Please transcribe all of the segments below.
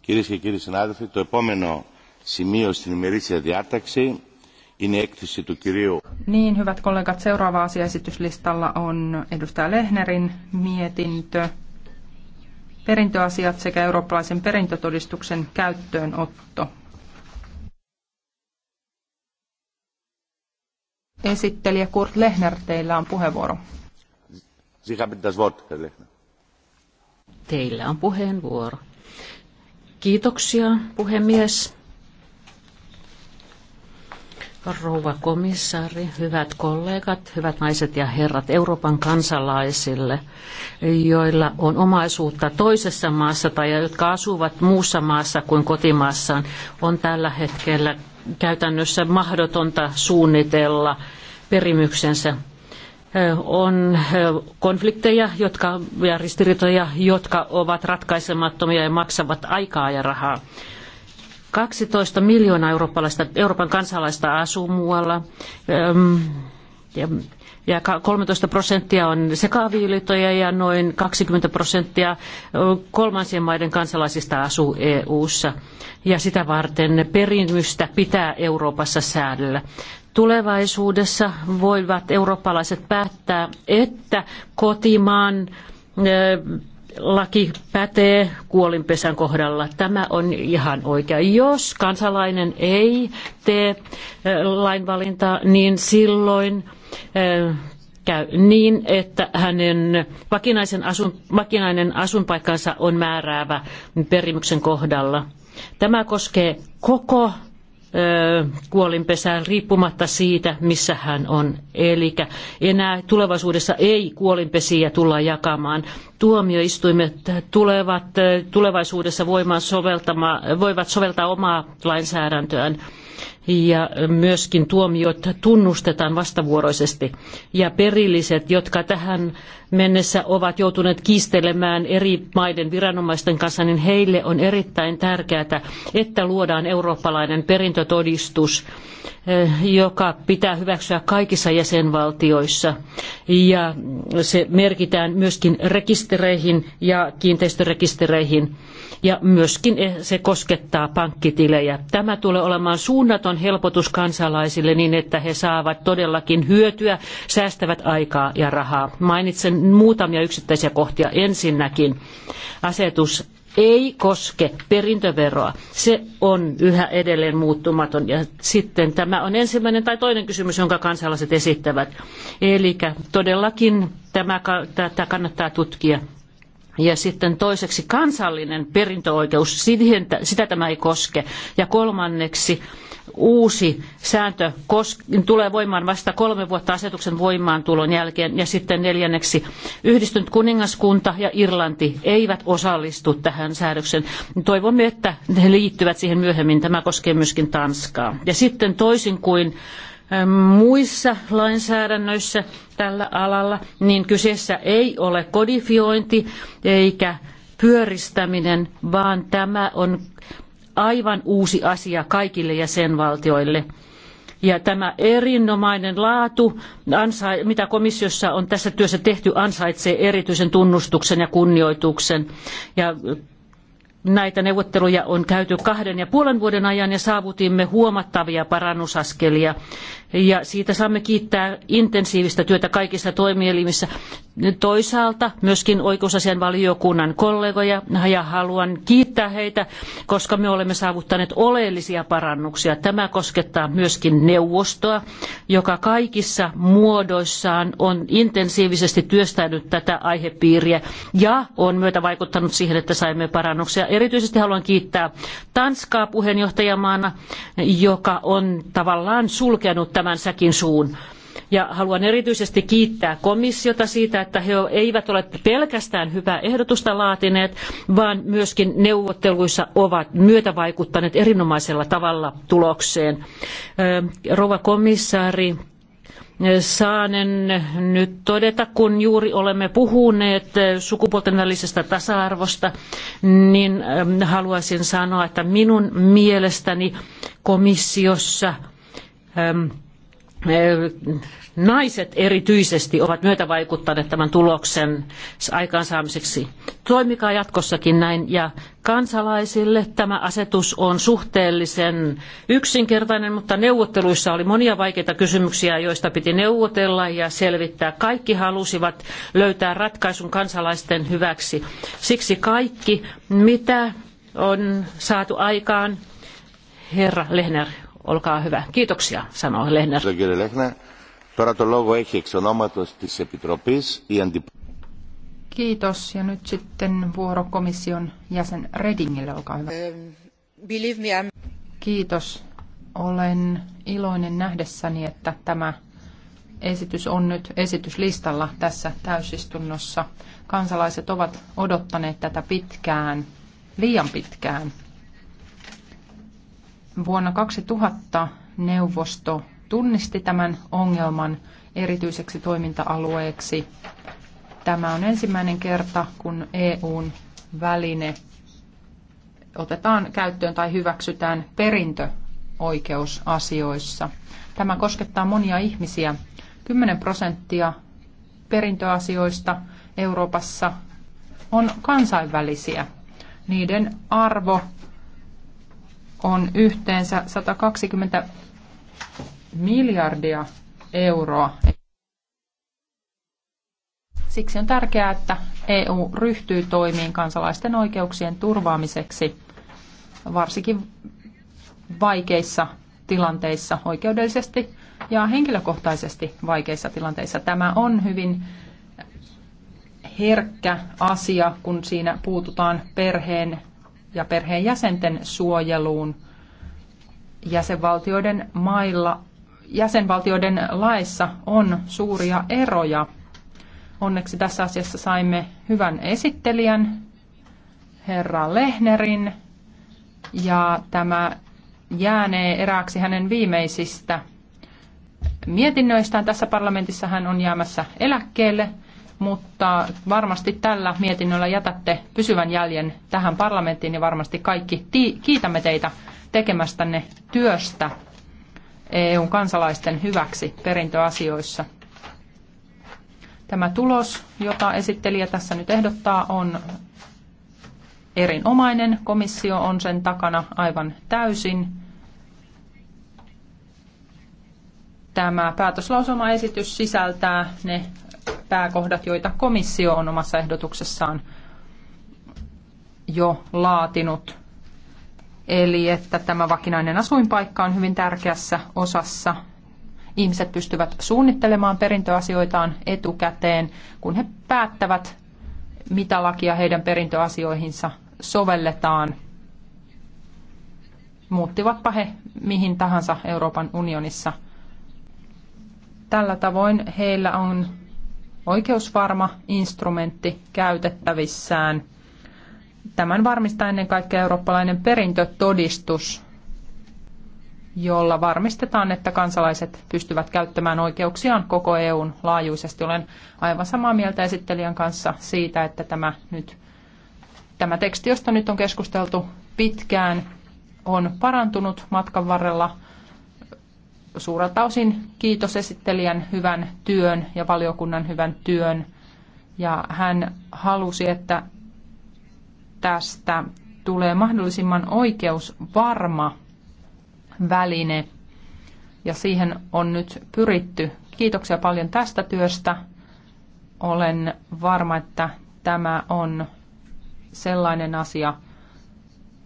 Κυρίες και κύριοι συνάδελφοι, το επόμενο σημείο στην ημερήσια διάταξη είναι έκθεση του κυρίου. Niin, hyvät kollegat, seuraava asia esityslistalla on edustaja Lehnerin mietintö perintöasiat sekä eurooppalaisen perintötodistuksen käyttöönotto. esittelijä Kurt Lehner, teillä on puheenvuoro. Teillä on puheenvuoro. Kiitoksia, puhemies. Rouva komissaari, hyvät kollegat, hyvät naiset ja herrat Euroopan kansalaisille, joilla on omaisuutta toisessa maassa tai jotka asuvat muussa maassa kuin kotimaassaan, on tällä hetkellä käytännössä mahdotonta suunnitella perimyksensä. On konflikteja jotka, ja ristiriitoja, jotka ovat ratkaisemattomia ja maksavat aikaa ja rahaa. 12 miljoonaa eurooppalaista, Euroopan kansalaista asuu muualla. Ja ja 13 prosenttia on sekaviiliittoja ja noin 20 prosenttia kolmansien maiden kansalaisista asuu EU-ssa. Ja sitä varten perimystä pitää Euroopassa säädellä. Tulevaisuudessa voivat eurooppalaiset päättää, että kotimaan laki pätee kuolinpesän kohdalla. Tämä on ihan oikea. Jos kansalainen ei tee lainvalintaa, niin silloin käy niin, että hänen vakinaisen asun, vakinainen asunpaikkansa on määräävä perimyksen kohdalla. Tämä koskee koko kuolinpesään riippumatta siitä, missä hän on. Eli enää tulevaisuudessa ei kuolinpesiä tulla jakamaan. Tuomioistuimet tulevat tulevaisuudessa voimaan soveltamaan, voivat soveltaa omaa lainsäädäntöään ja myöskin tuomiot tunnustetaan vastavuoroisesti. Ja perilliset, jotka tähän mennessä ovat joutuneet kiistelemään eri maiden viranomaisten kanssa, niin heille on erittäin tärkeää, että luodaan eurooppalainen perintötodistus, eh, joka pitää hyväksyä kaikissa jäsenvaltioissa. Ja se merkitään myöskin rekistereihin ja kiinteistörekistereihin ja myöskin se koskettaa pankkitilejä. Tämä tulee olemaan suunnaton helpotus kansalaisille niin, että he saavat todellakin hyötyä, säästävät aikaa ja rahaa. Mainitsen muutamia yksittäisiä kohtia. Ensinnäkin asetus ei koske perintöveroa. Se on yhä edelleen muuttumaton. Ja sitten tämä on ensimmäinen tai toinen kysymys, jonka kansalaiset esittävät. Eli todellakin tämä, tätä kannattaa tutkia ja sitten toiseksi kansallinen perintöoikeus, sitä tämä ei koske. Ja kolmanneksi uusi sääntö tulee voimaan vasta kolme vuotta asetuksen voimaantulon jälkeen. Ja sitten neljänneksi yhdistynyt kuningaskunta ja Irlanti eivät osallistu tähän säädökseen. Toivomme, että he liittyvät siihen myöhemmin. Tämä koskee myöskin Tanskaa. Ja sitten toisin kuin muissa lainsäädännöissä tällä alalla, niin kyseessä ei ole kodifiointi eikä pyöristäminen, vaan tämä on aivan uusi asia kaikille jäsenvaltioille. Ja tämä erinomainen laatu, mitä komissiossa on tässä työssä tehty, ansaitsee erityisen tunnustuksen ja kunnioituksen. Ja Näitä neuvotteluja on käyty kahden ja puolen vuoden ajan ja saavutimme huomattavia parannusaskelia. Ja siitä saamme kiittää intensiivistä työtä kaikissa toimielimissä. Toisaalta myöskin oikeusasian valiokunnan kollegoja ja haluan kiittää heitä, koska me olemme saavuttaneet oleellisia parannuksia. Tämä koskettaa myöskin neuvostoa, joka kaikissa muodoissaan on intensiivisesti työstänyt tätä aihepiiriä ja on myötä vaikuttanut siihen, että saimme parannuksia Erityisesti haluan kiittää Tanskaa puheenjohtajamaana, joka on tavallaan sulkenut tämän säkin suun. Ja haluan erityisesti kiittää komissiota siitä, että he eivät ole pelkästään hyvää ehdotusta laatineet, vaan myöskin neuvotteluissa ovat myötävaikuttaneet erinomaisella tavalla tulokseen. Rouva komissaari, saanen nyt todeta, kun juuri olemme puhuneet sukupuolten välisestä tasa-arvosta, niin ähm, haluaisin sanoa, että minun mielestäni komissiossa ähm, äh, naiset erityisesti ovat myötävaikuttaneet tämän tuloksen aikaansaamiseksi. Toimikaa jatkossakin näin ja kansalaisille. Tämä asetus on suhteellisen yksinkertainen, mutta neuvotteluissa oli monia vaikeita kysymyksiä, joista piti neuvotella ja selvittää. Kaikki halusivat löytää ratkaisun kansalaisten hyväksi. Siksi kaikki, mitä on saatu aikaan, herra Lehner, olkaa hyvä. Kiitoksia, sanoo Lehner. Kiitos. Ja nyt sitten vuoro komission jäsen Redingille, olkaa hyvä. Um, Kiitos. Olen iloinen nähdessäni, että tämä esitys on nyt esityslistalla tässä täysistunnossa. Kansalaiset ovat odottaneet tätä pitkään, liian pitkään. Vuonna 2000 neuvosto tunnisti tämän ongelman erityiseksi toiminta-alueeksi Tämä on ensimmäinen kerta, kun EUn väline otetaan käyttöön tai hyväksytään perintöoikeusasioissa. Tämä koskettaa monia ihmisiä. 10 prosenttia perintöasioista Euroopassa on kansainvälisiä. Niiden arvo on yhteensä 120 miljardia euroa. Siksi on tärkeää, että EU ryhtyy toimiin kansalaisten oikeuksien turvaamiseksi, varsinkin vaikeissa tilanteissa oikeudellisesti ja henkilökohtaisesti vaikeissa tilanteissa. Tämä on hyvin herkkä asia, kun siinä puututaan perheen ja perheenjäsenten suojeluun jäsenvaltioiden mailla. Jäsenvaltioiden laissa on suuria eroja Onneksi tässä asiassa saimme hyvän esittelijän, herra Lehnerin, ja tämä jäänee erääksi hänen viimeisistä mietinnöistään. Tässä parlamentissa hän on jäämässä eläkkeelle, mutta varmasti tällä mietinnöllä jätätte pysyvän jäljen tähän parlamenttiin ja varmasti kaikki kiitämme teitä tekemästänne työstä eu kansalaisten hyväksi perintöasioissa. Tämä tulos, jota esittelijä tässä nyt ehdottaa, on erinomainen. Komissio on sen takana aivan täysin. Tämä päätöslausumaesitys sisältää ne pääkohdat, joita komissio on omassa ehdotuksessaan jo laatinut. Eli että tämä vakinainen asuinpaikka on hyvin tärkeässä osassa ihmiset pystyvät suunnittelemaan perintöasioitaan etukäteen, kun he päättävät, mitä lakia heidän perintöasioihinsa sovelletaan. Muuttivatpa he mihin tahansa Euroopan unionissa. Tällä tavoin heillä on oikeusvarma instrumentti käytettävissään. Tämän varmistaa ennen kaikkea eurooppalainen perintötodistus, jolla varmistetaan, että kansalaiset pystyvät käyttämään oikeuksiaan koko EUn laajuisesti. Olen aivan samaa mieltä esittelijän kanssa siitä, että tämä, nyt, tämä teksti, josta nyt on keskusteltu pitkään, on parantunut matkan varrella suurelta osin kiitos esittelijän hyvän työn ja valiokunnan hyvän työn. Ja hän halusi, että tästä tulee mahdollisimman oikeusvarma väline ja siihen on nyt pyritty. Kiitoksia paljon tästä työstä. Olen varma, että tämä on sellainen asia,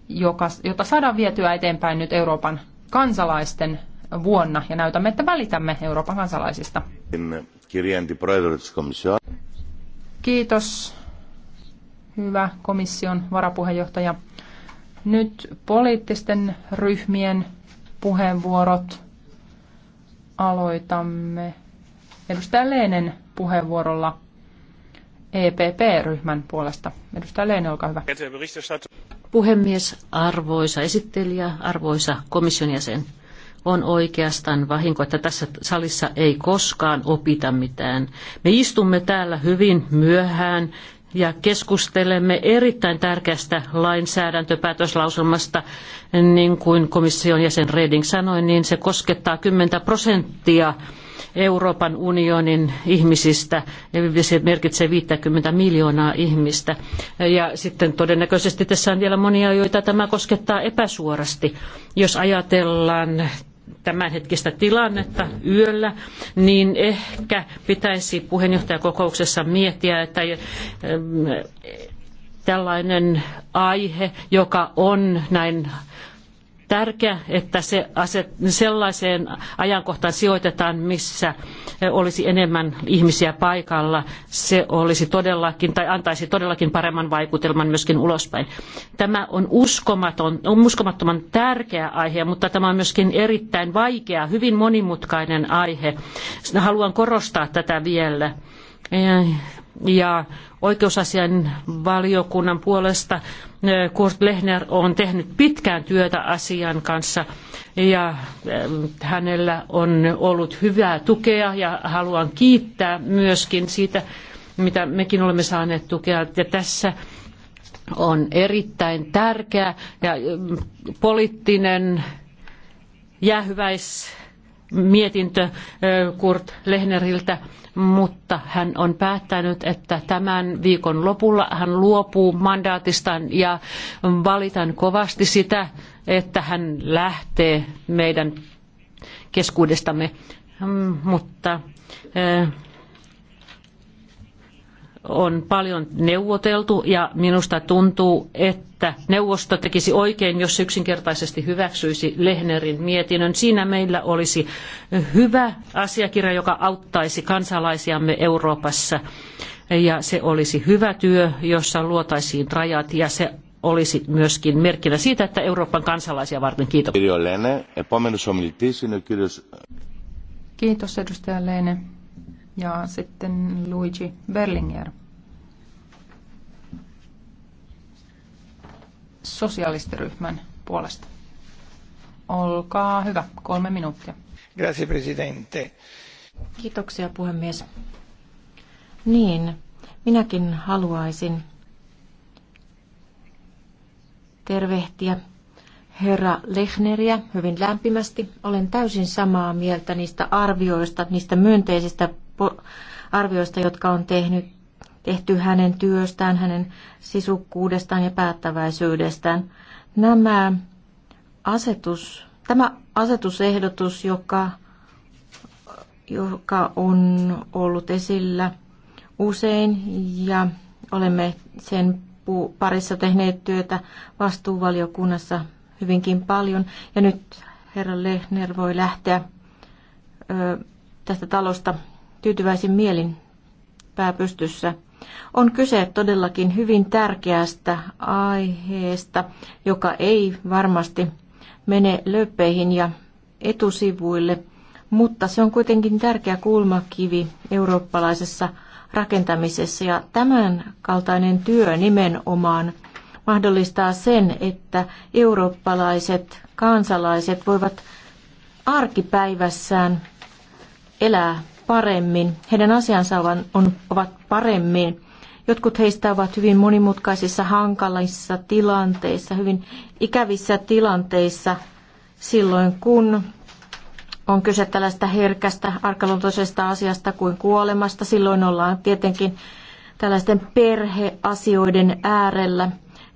joka, jota saadaan vietyä eteenpäin nyt Euroopan kansalaisten vuonna ja näytämme, että välitämme Euroopan kansalaisista. Kiitos, hyvä komission varapuheenjohtaja. Nyt poliittisten ryhmien puheenvuorot. Aloitamme edustaja Leenen puheenvuorolla EPP-ryhmän puolesta. Edustaja Leinen, olkaa hyvä. Puhemies, arvoisa esittelijä, arvoisa komission jäsen. On oikeastaan vahinko, että tässä salissa ei koskaan opita mitään. Me istumme täällä hyvin myöhään ja keskustelemme erittäin tärkeästä lainsäädäntöpäätöslauselmasta. Niin kuin komission jäsen Reding sanoi, niin se koskettaa 10 prosenttia Euroopan unionin ihmisistä, eli se merkitsee 50 miljoonaa ihmistä. Ja sitten todennäköisesti tässä on vielä monia, joita tämä koskettaa epäsuorasti. Jos ajatellaan tämänhetkistä tilannetta yöllä, niin ehkä pitäisi puheenjohtajakokouksessa miettiä, että eh, tällainen aihe, joka on näin tärkeä, että se aset, sellaiseen ajankohtaan sijoitetaan, missä e, olisi enemmän ihmisiä paikalla. Se olisi todellakin, tai antaisi todellakin paremman vaikutelman myöskin ulospäin. Tämä on uskomaton, on uskomattoman tärkeä aihe, mutta tämä on myöskin erittäin vaikea, hyvin monimutkainen aihe. Haluan korostaa tätä vielä. Ja oikeusasian valiokunnan puolesta. Kurt Lehner on tehnyt pitkään työtä asian kanssa ja hänellä on ollut hyvää tukea ja haluan kiittää myöskin siitä, mitä mekin olemme saaneet tukea. Ja tässä on erittäin tärkeä ja poliittinen jäähyväis mietintö Kurt Lehneriltä, mutta hän on päättänyt, että tämän viikon lopulla hän luopuu mandaatistaan ja valitan kovasti sitä, että hän lähtee meidän keskuudestamme. Mm, mutta on paljon neuvoteltu ja minusta tuntuu, että neuvosto tekisi oikein, jos yksinkertaisesti hyväksyisi Lehnerin mietinnön. Siinä meillä olisi hyvä asiakirja, joka auttaisi kansalaisiamme Euroopassa ja se olisi hyvä työ, jossa luotaisiin rajat ja se olisi myöskin merkkinä siitä, että Euroopan kansalaisia varten kiitos. Kiitos edustaja ja sitten Luigi Berlinger. Sosialistiryhmän puolesta. Olkaa hyvä, kolme minuuttia. Grazie, presidente. Kiitoksia, puhemies. Niin, minäkin haluaisin tervehtiä herra Lechneriä hyvin lämpimästi. Olen täysin samaa mieltä niistä arvioista, niistä myönteisistä arvioista, jotka on tehnyt, tehty hänen työstään, hänen sisukkuudestaan ja päättäväisyydestään. Nämä asetus, tämä asetusehdotus, joka, joka on ollut esillä usein ja olemme sen parissa tehneet työtä vastuuvaliokunnassa hyvinkin paljon. Ja nyt herra Lehner voi lähteä ö, tästä talosta tyytyväisin mielin pääpystyssä. On kyse todellakin hyvin tärkeästä aiheesta, joka ei varmasti mene löppeihin ja etusivuille, mutta se on kuitenkin tärkeä kulmakivi eurooppalaisessa rakentamisessa ja tämän kaltainen työ nimenomaan mahdollistaa sen, että eurooppalaiset kansalaiset voivat arkipäivässään elää paremmin, heidän asiansa on, on, ovat paremmin. Jotkut heistä ovat hyvin monimutkaisissa, hankalissa tilanteissa, hyvin ikävissä tilanteissa silloin, kun on kyse tällaista herkästä, arkaluontoisesta asiasta kuin kuolemasta. Silloin ollaan tietenkin tällaisten perheasioiden äärellä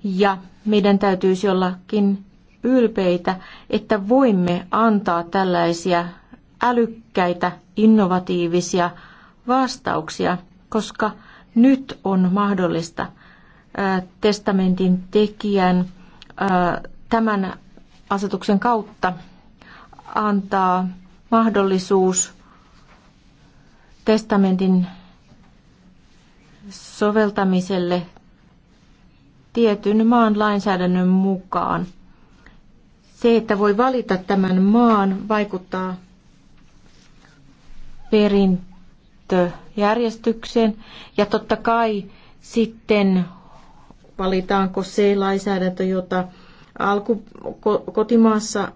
ja meidän täytyisi ollakin ylpeitä, että voimme antaa tällaisia älykkäitä innovatiivisia vastauksia, koska nyt on mahdollista testamentin tekijän tämän asetuksen kautta antaa mahdollisuus testamentin soveltamiselle tietyn maan lainsäädännön mukaan. Se, että voi valita tämän maan, vaikuttaa perintöjärjestykseen. Ja totta kai sitten valitaanko se lainsäädäntö, jota alku, kotimaassa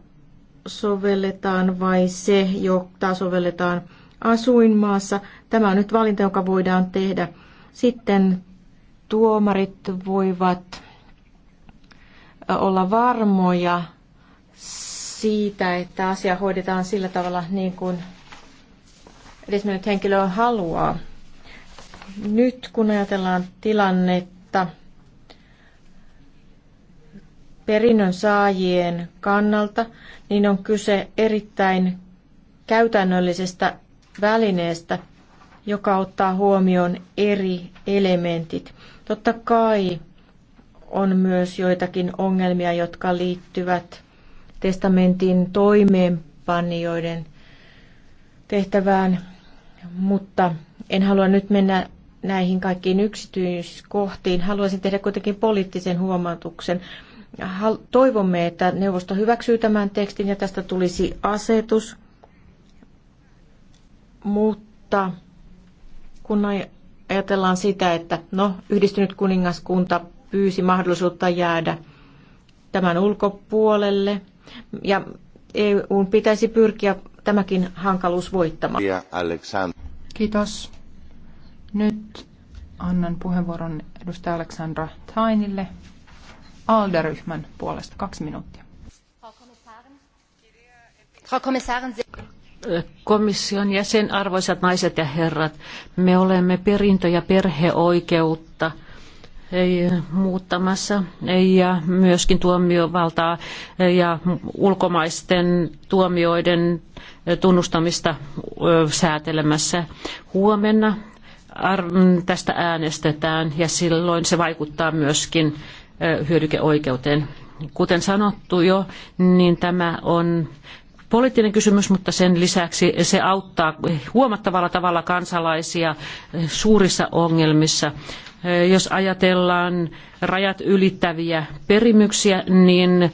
sovelletaan vai se, jota sovelletaan asuinmaassa. Tämä on nyt valinta, joka voidaan tehdä. Sitten tuomarit voivat olla varmoja siitä, että asia hoidetaan sillä tavalla niin kuin edesmennyt henkilö haluaa. Nyt kun ajatellaan tilannetta perinnön saajien kannalta, niin on kyse erittäin käytännöllisestä välineestä, joka ottaa huomioon eri elementit. Totta kai on myös joitakin ongelmia, jotka liittyvät testamentin toimeenpanijoiden tehtävään, mutta en halua nyt mennä näihin kaikkiin yksityiskohtiin. Haluaisin tehdä kuitenkin poliittisen huomautuksen. Toivomme, että neuvosto hyväksyy tämän tekstin ja tästä tulisi asetus, mutta kun ajatellaan sitä, että no, yhdistynyt kuningaskunta pyysi mahdollisuutta jäädä tämän ulkopuolelle ja EUn pitäisi pyrkiä tämäkin hankaluus voittamaan. Kiitos. Nyt annan puheenvuoron edustaja Aleksandra Tainille ALDE-ryhmän puolesta. Kaksi minuuttia. Komission jäsen, arvoisat naiset ja herrat, me olemme perintö- ja perheoikeutta – Eh, muuttamassa ja myöskin tuomiovaltaa eh, ja ulkomaisten tuomioiden eh, tunnustamista säätelemässä. Huomenna mm, tästä äänestetään ja silloin se vaikuttaa myöskin hyödykeoikeuteen. Kuten sanottu jo, niin tämä on poliittinen kysymys, mutta sen lisäksi se auttaa huomattavalla tavalla kansalaisia suurissa ongelmissa. Jos ajatellaan rajat ylittäviä perimyksiä, niin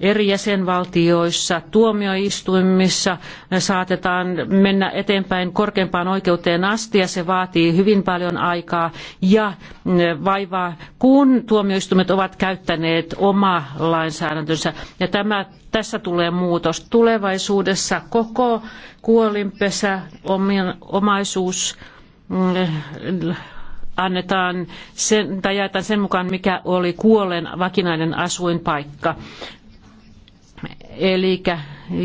eri jäsenvaltioissa, tuomioistuimissa eh, saatetaan mennä eteenpäin korkeimpaan oikeuteen asti ja se vaatii hyvin paljon aikaa ja eh, vaivaa, kun tuomioistuimet ovat käyttäneet omaa lainsäädäntönsä. Ja tämä, tässä tulee muutos. Tulevaisuudessa koko kuolinpesä, omaisuus, mm, annetaan sen, tai jaetaan sen mukaan, mikä oli kuolleen vakinainen asuinpaikka. Eli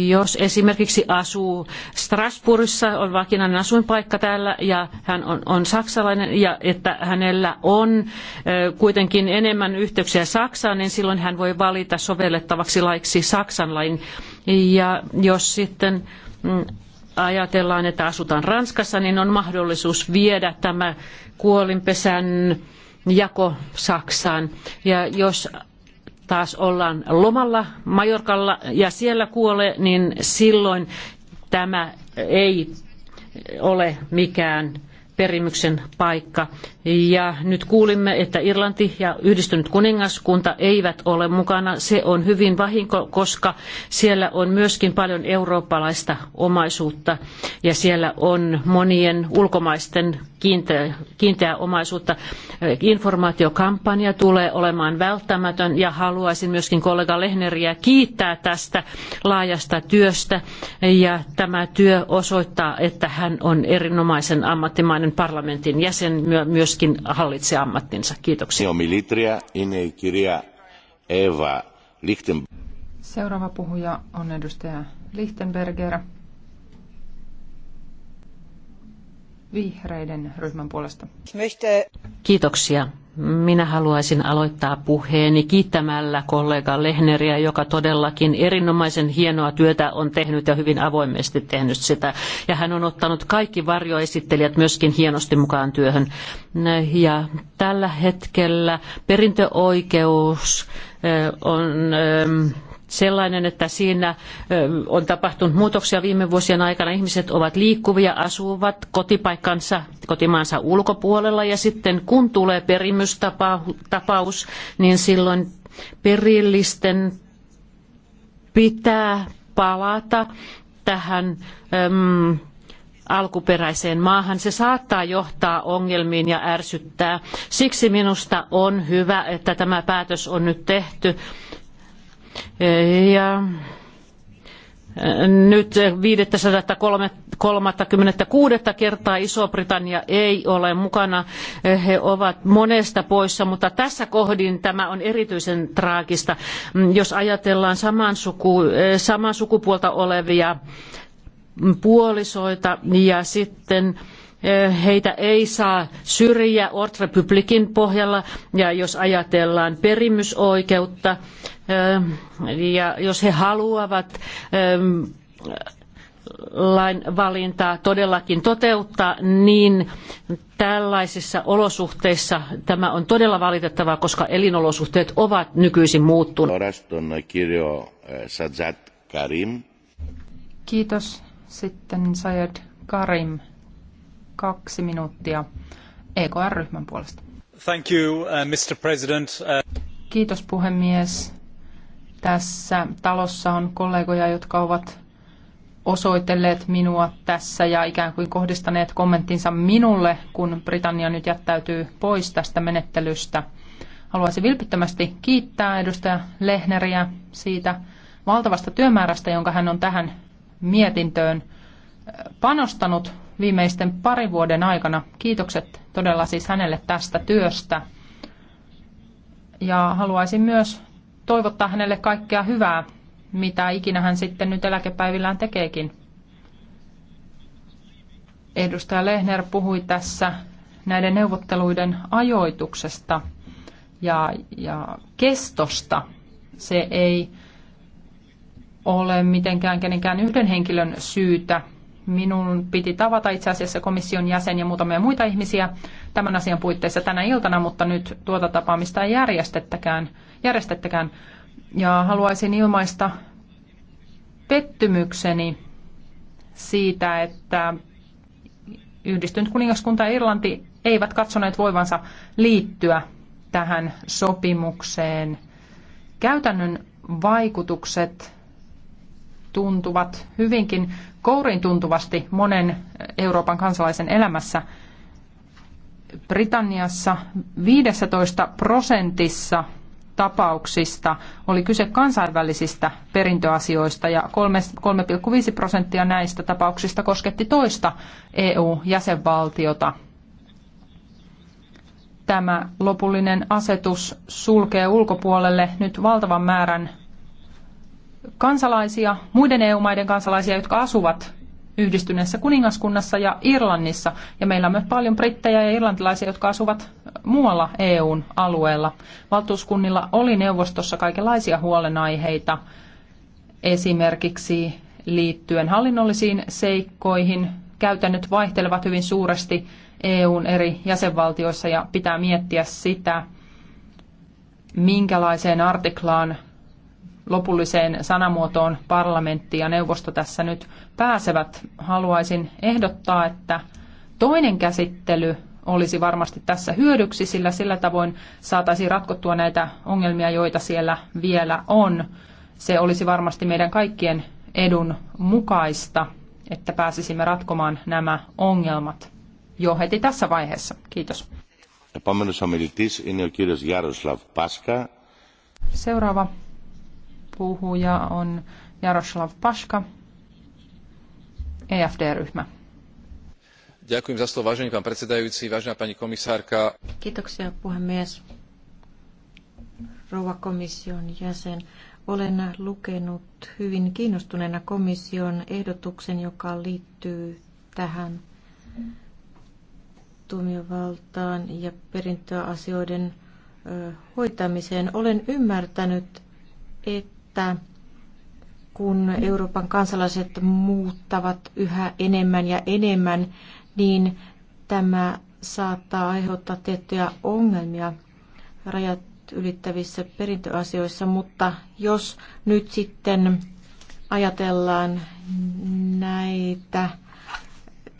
jos esimerkiksi asuu Strasbourgissa, on vakinainen asuinpaikka täällä ja hän on, on saksalainen ja että hänellä on ö, kuitenkin enemmän yhteyksiä Saksaan, niin silloin hän voi valita sovellettavaksi laiksi Saksan lain. Ja jos sitten mm, ajatellaan, että asutaan Ranskassa, niin on mahdollisuus viedä tämä kuolinpesän jako Saksaan. Ja jos taas ollaan lomalla Majorkalla ja siellä kuolee, niin silloin tämä ei ole mikään perimyksen paikka. Ja nyt kuulimme, että Irlanti ja yhdistynyt kuningaskunta eivät ole mukana. Se on hyvin vahinko, koska siellä on myöskin paljon eurooppalaista omaisuutta ja siellä on monien ulkomaisten kiinteä, kiinteää omaisuutta. Informaatiokampanja tulee olemaan välttämätön ja haluaisin myöskin kollega Lehneriä kiittää tästä laajasta työstä ja tämä työ osoittaa, että hän on erinomaisen ammattimainen parlamentin jäsen myös myöskin hallitse ammattinsa. Kiitoksia. Seuraava puhuja on edustaja Lichtenberger vihreiden ryhmän puolesta. Kiitoksia. Minä haluaisin aloittaa puheeni kiittämällä kollega Lehneriä, joka todellakin erinomaisen hienoa työtä on tehnyt ja hyvin avoimesti tehnyt sitä. Ja hän on ottanut kaikki varjoesittelijät myöskin hienosti mukaan työhön. Ja tällä hetkellä perintöoikeus eh, on eh, sellainen, että siinä on tapahtunut muutoksia viime vuosien aikana. Ihmiset ovat liikkuvia, asuvat kotipaikkansa, kotimaansa ulkopuolella ja sitten kun tulee perimystapaus, niin silloin perillisten pitää palata tähän äm, alkuperäiseen maahan. Se saattaa johtaa ongelmiin ja ärsyttää. Siksi minusta on hyvä, että tämä päätös on nyt tehty ja äh, nyt 536 kertaa Iso-Britannia ei ole mukana. He ovat monesta poissa, mutta tässä kohdin tämä on erityisen traagista. Mm, jos ajatellaan saman, suku, äh, saman sukupuolta olevia puolisoita ja sitten äh, heitä ei saa syrjiä Ort Republikin pohjalla ja jos ajatellaan perimysoikeutta, ja jos he haluavat lain valintaa todellakin toteuttaa, niin tällaisissa olosuhteissa tämä on todella valitettavaa, koska elinolosuhteet ovat nykyisin muuttuneet. Kiitos. Sitten Sajad Karim, kaksi minuuttia EKR-ryhmän puolesta. Thank you, uh, Mr. President. Uh, Kiitos puhemies. Tässä talossa on kollegoja, jotka ovat osoitelleet minua tässä ja ikään kuin kohdistaneet kommenttinsa minulle, kun Britannia nyt jättäytyy pois tästä menettelystä. Haluaisin vilpittömästi kiittää edustaja Lehneriä siitä valtavasta työmäärästä, jonka hän on tähän mietintöön äh, panostanut viimeisten parin vuoden aikana. Kiitokset todella siis hänelle tästä työstä. Ja haluaisin myös toivottaa hänelle kaikkea hyvää, mitä ikinä hän sitten nyt eläkepäivillään tekeekin. Edustaja Lehner puhui tässä näiden neuvotteluiden ajoituksesta ja, ja kestosta. Se ei ole mitenkään kenenkään yhden henkilön syytä, Minun piti tavata itse asiassa komission jäsen ja muutamia muita ihmisiä tämän asian puitteissa tänä iltana, mutta nyt tuota tapaamista ei järjestettäkään. järjestettäkään. Ja haluaisin ilmaista pettymykseni siitä, että yhdistynyt kuningaskunta ja Irlanti eivät katsoneet voivansa liittyä tähän sopimukseen. Käytännön vaikutukset tuntuvat hyvinkin kouriin tuntuvasti monen Euroopan kansalaisen elämässä. Britanniassa 15 prosentissa tapauksista oli kyse kansainvälisistä perintöasioista ja 3,5 prosenttia näistä tapauksista kosketti toista EU-jäsenvaltiota. Tämä lopullinen asetus sulkee ulkopuolelle nyt valtavan määrän kansalaisia, muiden EU-maiden kansalaisia, jotka asuvat Yhdistyneessä kuningaskunnassa ja Irlannissa. Ja meillä on myös paljon brittejä ja irlantilaisia, jotka asuvat muualla EUn alueella. Valtuuskunnilla oli neuvostossa kaikenlaisia huolenaiheita esimerkiksi liittyen hallinnollisiin seikkoihin. Käytännöt vaihtelevat hyvin suuresti EUn eri jäsenvaltioissa ja pitää miettiä sitä, minkälaiseen artiklaan lopulliseen sanamuotoon parlamentti ja neuvosto tässä nyt pääsevät, haluaisin ehdottaa, että toinen käsittely olisi varmasti tässä hyödyksi, sillä sillä tavoin saataisiin ratkottua näitä ongelmia, joita siellä vielä on. Se olisi varmasti meidän kaikkien edun mukaista, että pääsisimme ratkomaan nämä ongelmat jo heti tässä vaiheessa. Kiitos. Seuraava puhuja on Jaroslav Paška, EFD-ryhmä. Ďakujem za slovo, vážený pán predsedajúci, vážená pani komisárka. Kiitoksia puhemies. Rouva komission jäsen, olen lukenut hyvin kiinnostuneena komission ehdotuksen, joka liittyy tähän tuomiovaltaan ja perintöasioiden hoitamiseen. Olen ymmärtänyt, että että kun Euroopan kansalaiset muuttavat yhä enemmän ja enemmän, niin tämä saattaa aiheuttaa tiettyjä ongelmia rajat ylittävissä perintöasioissa, mutta jos nyt sitten ajatellaan näitä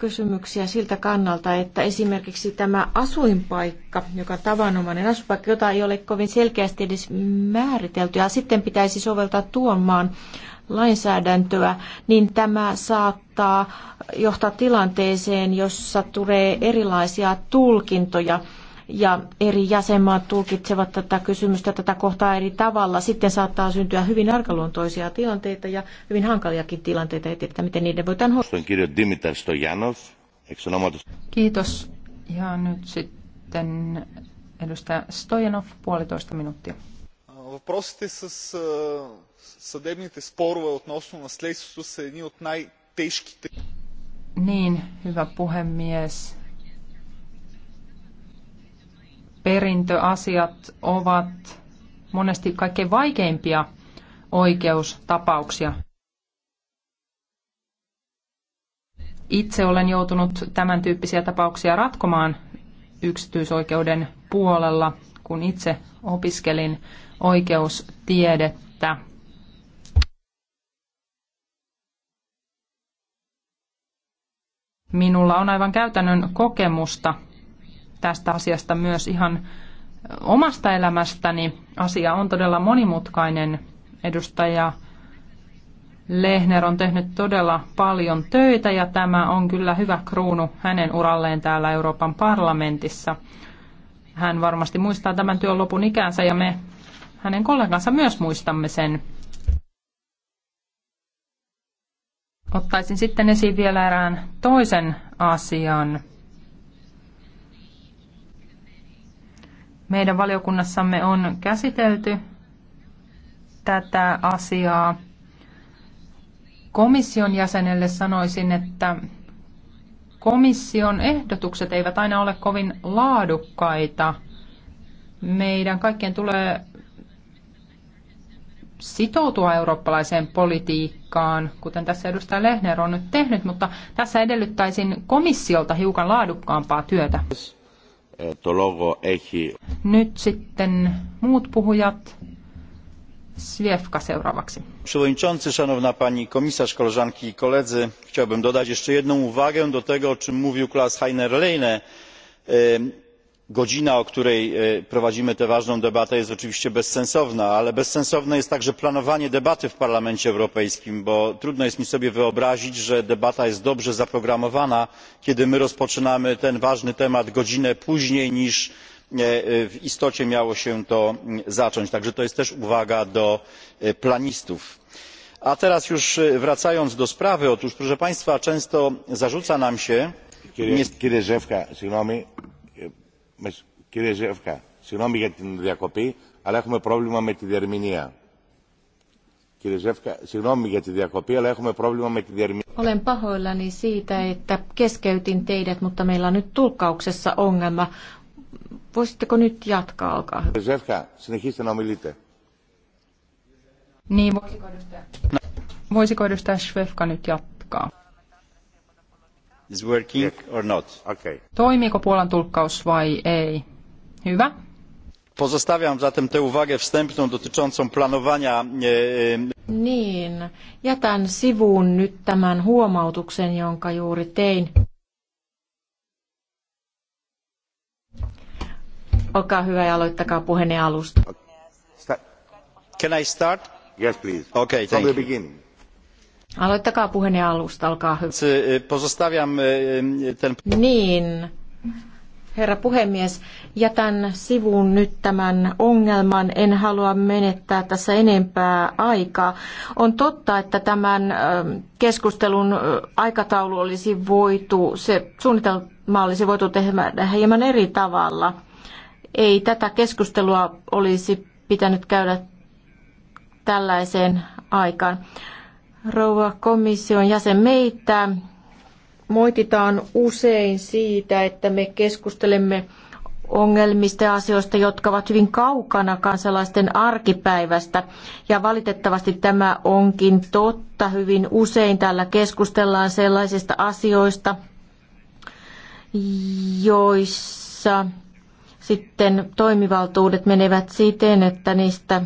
kysymyksiä siltä kannalta, että esimerkiksi tämä asuinpaikka, joka on tavanomainen asuinpaikka, jota ei ole kovin selkeästi edes määritelty, ja sitten pitäisi soveltaa tuon maan lainsäädäntöä, niin tämä saattaa johtaa tilanteeseen, jossa tulee erilaisia tulkintoja – ja eri jäsenmaat tulkitsevat tätä kysymystä tätä kohtaa eri tavalla. Sitten saattaa syntyä hyvin arkaluontoisia tilanteita ja hyvin hankaliakin tilanteita, että miten niiden voidaan hoitaa. Kiitos. Ja nyt sitten edustaja Stojanov, puolitoista minuuttia. Въпросите с съдебните спорове относно наследството са едни от най-тежките. Niin, hyvä puhemies perintöasiat ovat monesti kaikkein vaikeimpia oikeustapauksia. Itse olen joutunut tämän tyyppisiä tapauksia ratkomaan yksityisoikeuden puolella, kun itse opiskelin oikeustiedettä. Minulla on aivan käytännön kokemusta tästä asiasta myös ihan omasta elämästäni. Asia on todella monimutkainen. Edustaja Lehner on tehnyt todella paljon töitä ja tämä on kyllä hyvä kruunu hänen uralleen täällä Euroopan parlamentissa. Hän varmasti muistaa tämän työn lopun ikänsä ja me hänen kollegansa myös muistamme sen. Ottaisin sitten esiin vielä erään toisen asian. meidän valiokunnassamme on käsitelty tätä asiaa. Komission jäsenelle sanoisin, että komission ehdotukset eivät aina ole kovin laadukkaita. Meidän kaikkien tulee sitoutua eurooppalaiseen politiikkaan, kuten tässä edustaja Lehner on nyt tehnyt, mutta tässä edellyttäisin komissiolta hiukan laadukkaampaa työtä το λόγο έχει... Nyt sitten muut puhujat. Swiewka seuraavaksi. Przewodniczący, szanowna pani komisarz, koleżanki i koledzy, chciałbym dodać jeszcze jedną uwagę do tego, o czym mówił Klaus heiner Leine godzina o której e, prowadzimy tę ważną debatę jest oczywiście bezsensowna ale bezsensowne jest także planowanie debaty w parlamencie europejskim bo trudno jest mi sobie wyobrazić że debata jest dobrze zaprogramowana kiedy my rozpoczynamy ten ważny temat godzinę później niż e, w istocie miało się to zacząć. także to jest też uwaga do e, planistów. a teraz już wracając do sprawy otóż proszę państwa często zarzuca nam się Κύριε Ζεύκα, συγγνώμη για την διακοπή, αλλά έχουμε πρόβλημα με τη διερμηνία. Κύριε Ζεύκα, συγγνώμη για τη διακοπή, αλλά έχουμε πρόβλημα με τη διερμηνία. Olen pahoillani siitä, että keskeytin teidät, mutta meillä on nyt tulkkauksessa ongelma. Voisitteko nyt jatkaa, olkaa hyvä. Ζεύκα, συνεχίστε να ομιλείτε. Niin, voisiko edustaja, voisiko edustaja Svefka nyt jatkaa? Is working or not? Okay. Toimiiko Puolan tulkkaus vai ei? Hyvä. Pozostawiam zatem tę uwagę wstępną dotyczącą planowania... E, e, niin, jätän sivuun nyt tämän huomautuksen, jonka juuri tein. Olkaa hyvä ja aloittakaa puheenne alusta. Can I start? Yes, please. Okay, thank From the you. beginning Aloittakaa puheenne alusta, alkaa hyvä. Niin, herra puhemies, jätän sivuun nyt tämän ongelman. En halua menettää tässä enempää aikaa. On totta, että tämän keskustelun aikataulu olisi voitu, se suunnitelma olisi voitu tehdä hieman eri tavalla. Ei tätä keskustelua olisi pitänyt käydä tällaiseen aikaan. Rouva komission jäsen, meitä moititaan usein siitä, että me keskustelemme ongelmista ja asioista, jotka ovat hyvin kaukana kansalaisten arkipäivästä. Ja valitettavasti tämä onkin totta. Hyvin usein täällä keskustellaan sellaisista asioista, joissa sitten toimivaltuudet menevät siten, että niistä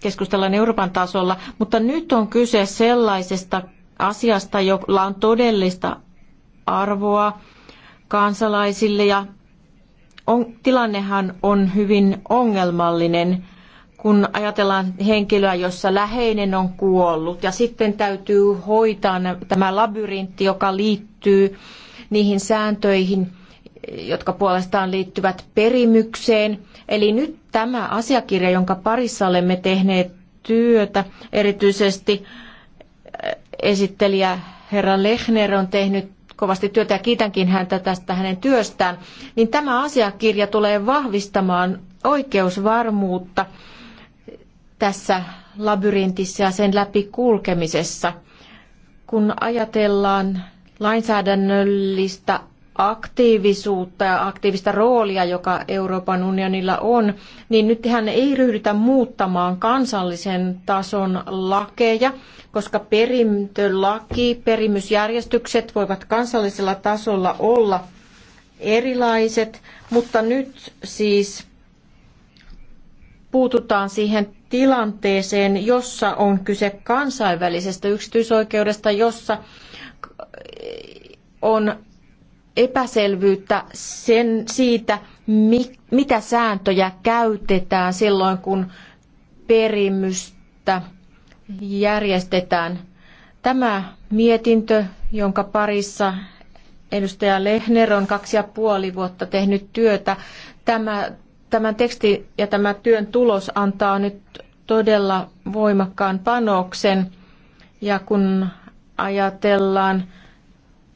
keskustellaan Euroopan tasolla, mutta nyt on kyse sellaisesta asiasta, jolla on todellista arvoa kansalaisille ja on, tilannehan on hyvin ongelmallinen, kun ajatellaan henkilöä, jossa läheinen on kuollut ja sitten täytyy hoitaa tämä labyrintti, joka liittyy niihin sääntöihin, jotka puolestaan liittyvät perimykseen. Eli nyt tämä asiakirja, jonka parissa olemme tehneet työtä, erityisesti äh, esittelijä herra Lechner on tehnyt kovasti työtä ja kiitänkin häntä tästä hänen työstään, niin tämä asiakirja tulee vahvistamaan oikeusvarmuutta tässä labyrintissä ja sen läpi kulkemisessa. Kun ajatellaan lainsäädännöllistä aktiivisuutta ja aktiivista roolia, joka Euroopan unionilla on, niin nythän ei ryhdytä muuttamaan kansallisen tason lakeja, koska perintölaki, perimysjärjestykset voivat kansallisella tasolla olla erilaiset, mutta nyt siis puututaan siihen tilanteeseen, jossa on kyse kansainvälisestä yksityisoikeudesta, jossa on epäselvyyttä sen, siitä, mi, mitä sääntöjä käytetään silloin, kun perimystä järjestetään. Tämä mietintö, jonka parissa edustaja Lehner on kaksi ja puoli vuotta tehnyt työtä, tämä, tämän tekstin ja tämä työn tulos antaa nyt todella voimakkaan panoksen. Ja kun ajatellaan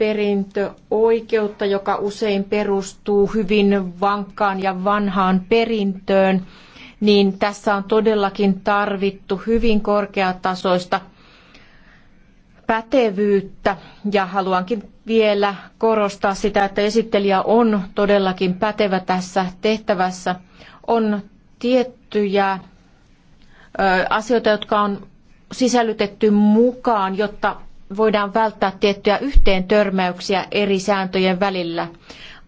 perintöoikeutta, joka usein perustuu hyvin vankkaan ja vanhaan perintöön, niin tässä on todellakin tarvittu hyvin korkeatasoista pätevyyttä ja haluankin vielä korostaa sitä, että esittelijä on todellakin pätevä tässä tehtävässä. On tiettyjä asioita, jotka on sisällytetty mukaan, jotta voidaan välttää tiettyjä yhteen törmäyksiä eri sääntöjen välillä.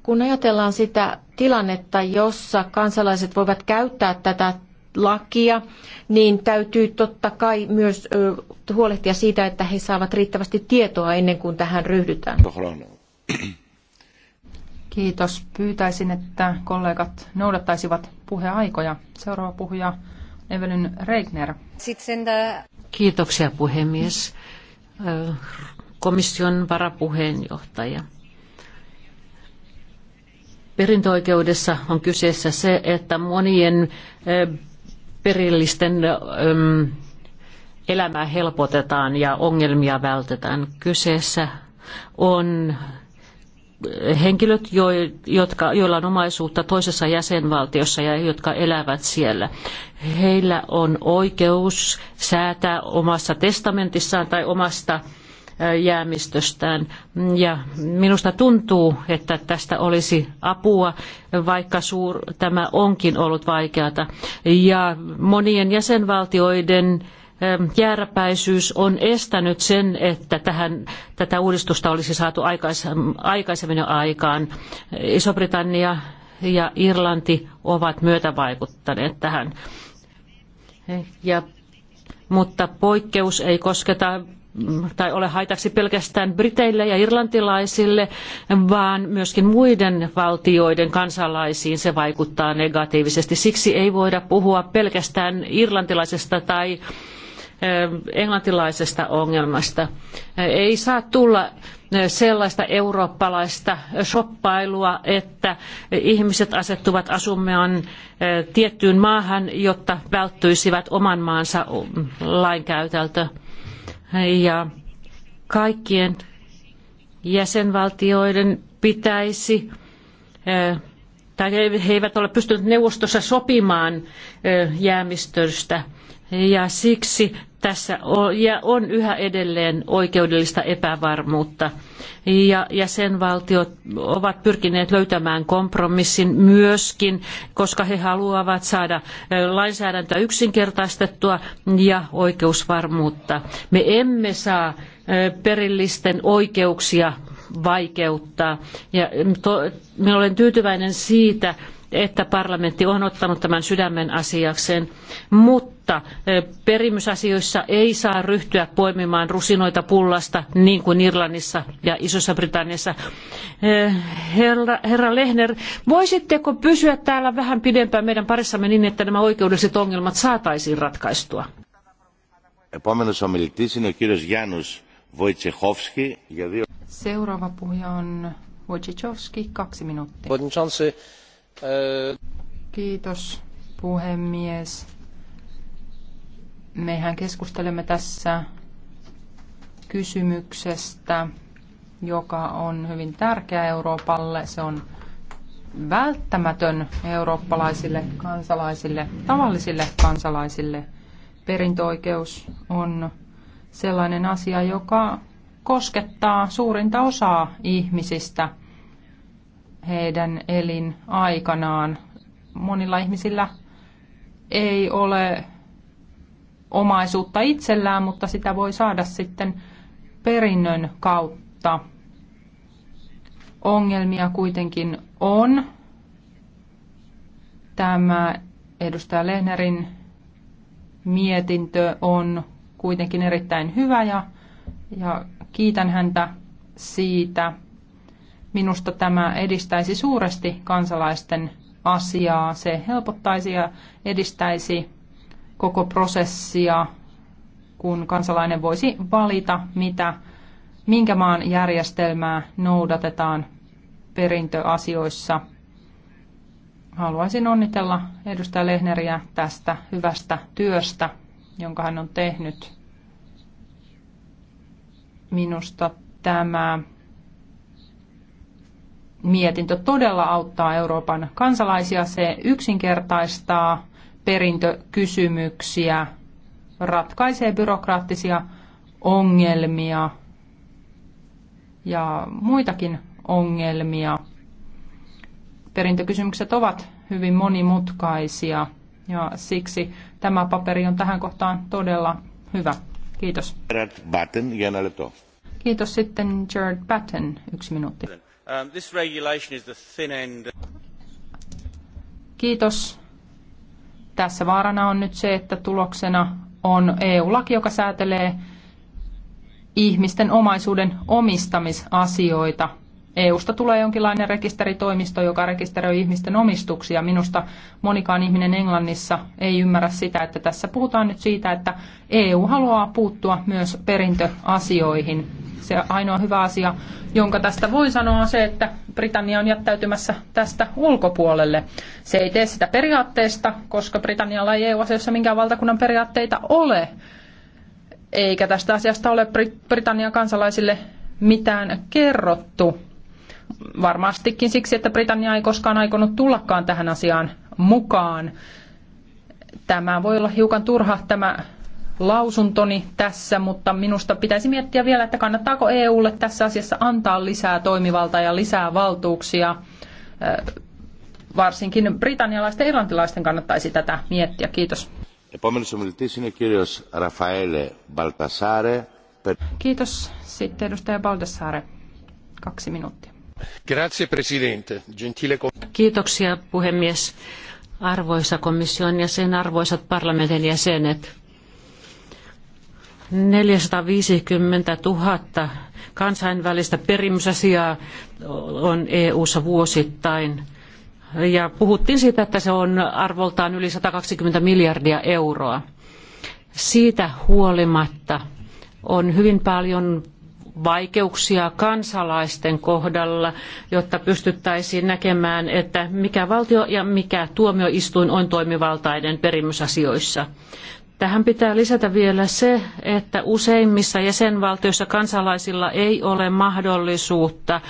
Kun ajatellaan sitä tilannetta, jossa kansalaiset voivat käyttää tätä lakia, niin täytyy totta kai myös huolehtia siitä, että he saavat riittävästi tietoa ennen kuin tähän ryhdytään. Kiitos. Pyytäisin, että kollegat noudattaisivat puheaikoja. Seuraava puhuja Evelyn Reigner. Äh, Kiitoksia puhemies. Mm Äh, komission varapuheenjohtaja. Perintöoikeudessa on kyseessä se, että monien äh, perillisten ähm, elämää helpotetaan ja ongelmia vältetään. Kyseessä on henkilöt, jotka, joilla on omaisuutta toisessa jäsenvaltiossa ja jotka elävät siellä. Heillä on oikeus säätää omassa testamentissaan tai omasta jäämistöstään. Ja minusta tuntuu, että tästä olisi apua, vaikka suur, tämä onkin ollut vaikeata. Ja monien jäsenvaltioiden äh, jääräpäisyys on estänyt sen, että tähän, tätä uudistusta olisi saatu aikaisemmin jo aikaan. Iso-Britannia ja Irlanti ovat myötävaikuttaneet tähän. Ja, mutta poikkeus ei kosketa tai ole haitaksi pelkästään briteille ja irlantilaisille, vaan myöskin muiden valtioiden kansalaisiin se vaikuttaa negatiivisesti. Siksi ei voida puhua pelkästään irlantilaisesta tai englantilaisesta ongelmasta. Ei saa tulla sellaista eurooppalaista shoppailua, että ihmiset asettuvat asumaan tiettyyn maahan, jotta välttyisivät oman maansa lainkäytältö. Ja kaikkien jäsenvaltioiden pitäisi tai he eivät ole pystyneet neuvostossa sopimaan jäämistöstä ja siksi tässä on, yhä edelleen oikeudellista epävarmuutta. Ja jäsenvaltiot ovat pyrkineet löytämään kompromissin myöskin, koska he haluavat saada lainsäädäntöä yksinkertaistettua ja oikeusvarmuutta. Me emme saa perillisten oikeuksia vaikeuttaa. Ja to, minä olen tyytyväinen siitä, että parlamentti on ottanut tämän sydämen asiakseen, mutta perimysasioissa ei saa ryhtyä poimimaan rusinoita pullasta niin kuin Irlannissa ja Isossa Britanniassa. Herra, herra Lehner, voisitteko pysyä täällä vähän pidempään meidän parissamme niin, että nämä oikeudelliset ongelmat saataisiin ratkaistua? Seuraava puhuja on Wojciechowski, kaksi minuuttia. Kiitos puhemies. Mehän keskustelemme tässä kysymyksestä, joka on hyvin tärkeä Euroopalle. Se on välttämätön eurooppalaisille kansalaisille, tavallisille kansalaisille. Perintöoikeus on sellainen asia, joka koskettaa suurinta osaa ihmisistä – heidän aikanaan. Monilla ihmisillä ei ole omaisuutta itsellään, mutta sitä voi saada sitten perinnön kautta. Ongelmia kuitenkin on. Tämä edustaja Lehnerin mietintö on kuitenkin erittäin hyvä ja, ja kiitän häntä siitä. Minusta tämä edistäisi suuresti kansalaisten asiaa. Se helpottaisi ja edistäisi koko prosessia, kun kansalainen voisi valita, mitä, minkä maan järjestelmää noudatetaan perintöasioissa. Haluaisin onnitella edustaja Lehneriä tästä hyvästä työstä, jonka hän on tehnyt. Minusta tämä mietintö todella auttaa Euroopan kansalaisia. Se yksinkertaistaa perintökysymyksiä, ratkaisee byrokraattisia ongelmia ja muitakin ongelmia. Perintökysymykset ovat hyvin monimutkaisia ja siksi tämä paperi on tähän kohtaan todella hyvä. Kiitos. Kiitos sitten Jared Batten, yksi minuutti. Um, this regulation is the thin end. Kiitos. Tässä vaarana on nyt se, että tuloksena on EU-laki, joka säätelee ihmisten omaisuuden omistamisasioita. EUsta tulee jonkinlainen rekisteritoimisto, joka rekisteröi ihmisten omistuksia. Minusta monikaan ihminen Englannissa ei ymmärrä sitä, että tässä puhutaan nyt siitä, että EU haluaa puuttua myös perintöasioihin. Se ainoa hyvä asia, jonka tästä voi sanoa, on se, että Britannia on jättäytymässä tästä ulkopuolelle. Se ei tee sitä periaatteesta, koska Britannialla ei EU-asioissa minkään valtakunnan periaatteita ole, eikä tästä asiasta ole Britannian kansalaisille mitään kerrottu. Varmastikin siksi, että Britannia ei koskaan aikonut tullakaan tähän asiaan mukaan. Tämä voi olla hiukan turha tämä lausuntoni tässä, mutta minusta pitäisi miettiä vielä, että kannattaako EUlle tässä asiassa antaa lisää toimivaltaa ja lisää valtuuksia. Äh, varsinkin britannialaisten ja irlantilaisten kannattaisi tätä miettiä. Kiitos. Kiitos. Sitten edustaja Baldassare. Kaksi minuuttia. Grazie, presidente. Gentile... Kiitoksia, puhemies. Arvoisa komission jäsen, arvoisat parlamentin jäsenet. 450 000 kansainvälistä perimysasiaa on EU-ssa vuosittain. Ja puhuttiin siitä, että se on arvoltaan yli 120 miljardia euroa. Siitä huolimatta on hyvin paljon vaikeuksia kansalaisten kohdalla, jotta pystyttäisiin näkemään, että mikä valtio ja mikä tuomioistuin on toimivaltainen perimysasioissa. Tähän pitää lisätä vielä se, että useimmissa jäsenvaltioissa kansalaisilla ei ole mahdollisuutta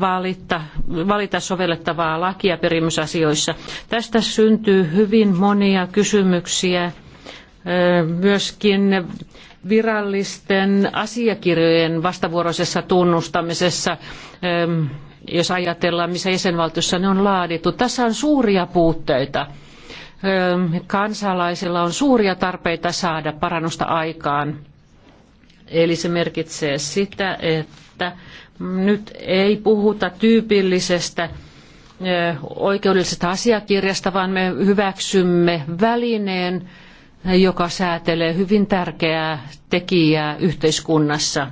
valita, valita sovellettavaa lakia perimysasioissa. Tästä syntyy hyvin monia kysymyksiä myöskin virallisten asiakirjojen vastavuoroisessa tunnustamisessa, jos ajatellaan, missä jäsenvaltiossa ne on laadittu. Tässä on suuria puutteita kansalaisilla on suuria tarpeita saada parannusta aikaan. Eli se merkitsee sitä, että nyt ei puhuta tyypillisestä oikeudellisesta asiakirjasta, vaan me hyväksymme välineen, joka säätelee hyvin tärkeää tekijää yhteiskunnassa.